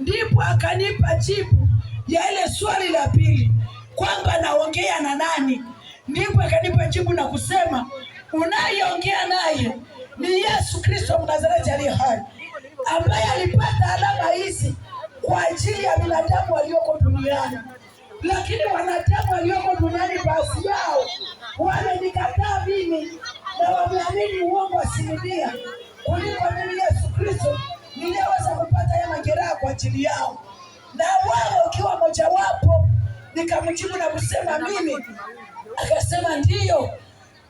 ndipo akanipa jibu ya ile swali la pili kwamba naongea na nani. Ndipo akanipa jibu na kusema unayeongea naye ni Yesu Kristo Mnazareti aliye hai, ambaye alipata alama hizi kwa ajili ya binadamu walioko duniani, lakini wanadamu walioko duniani baadhi yao wamenikataa mimi na wameamini uongo asilimia kuliko mimi Yesu ajili yao, na wao ukiwa mojawapo. Nikamjibu na kusema mimi, akasema ndiyo.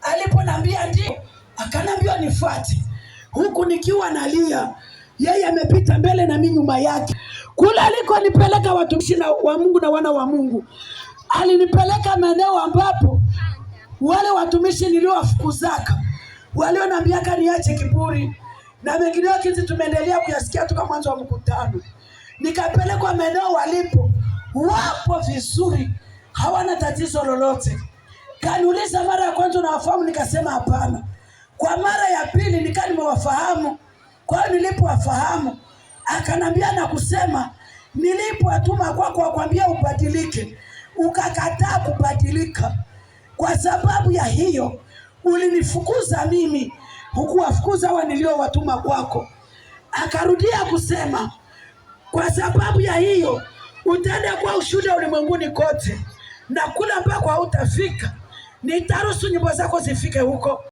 Aliponambia ndio, akanambia nifuate, huku nikiwa nalia, yeye amepita mbele na mimi nyuma yake. Kule alikonipeleka watumishi wa Mungu na wana wa Mungu, alinipeleka maeneo ambapo wale watumishi niliowafukuzaka walionambiaka niache kiburi na mengineo, kizi tumeendelea kuyasikia toka mwanzo wa mkutano nikapelekwa maeneo walipo, wapo vizuri, hawana tatizo lolote. Kaniuliza mara ya kwanza, unawafahamu? Nikasema hapana. Kwa mara ya pili nikaa nimewafahamu. Kwa hiyo nilipowafahamu, akanambia na kusema, nilipowatuma kwako wakwambia ubadilike, ukakataa kubadilika. Kwa sababu ya hiyo ulinifukuza mimi, hukuwafukuza hawa niliowatuma kwako. Akarudia kusema kwa sababu ya hiyo utaenda kuwa ushuhuda ulimwenguni kote, na kule ambako hautafika nitaruhusu nyimbo zako zifike huko.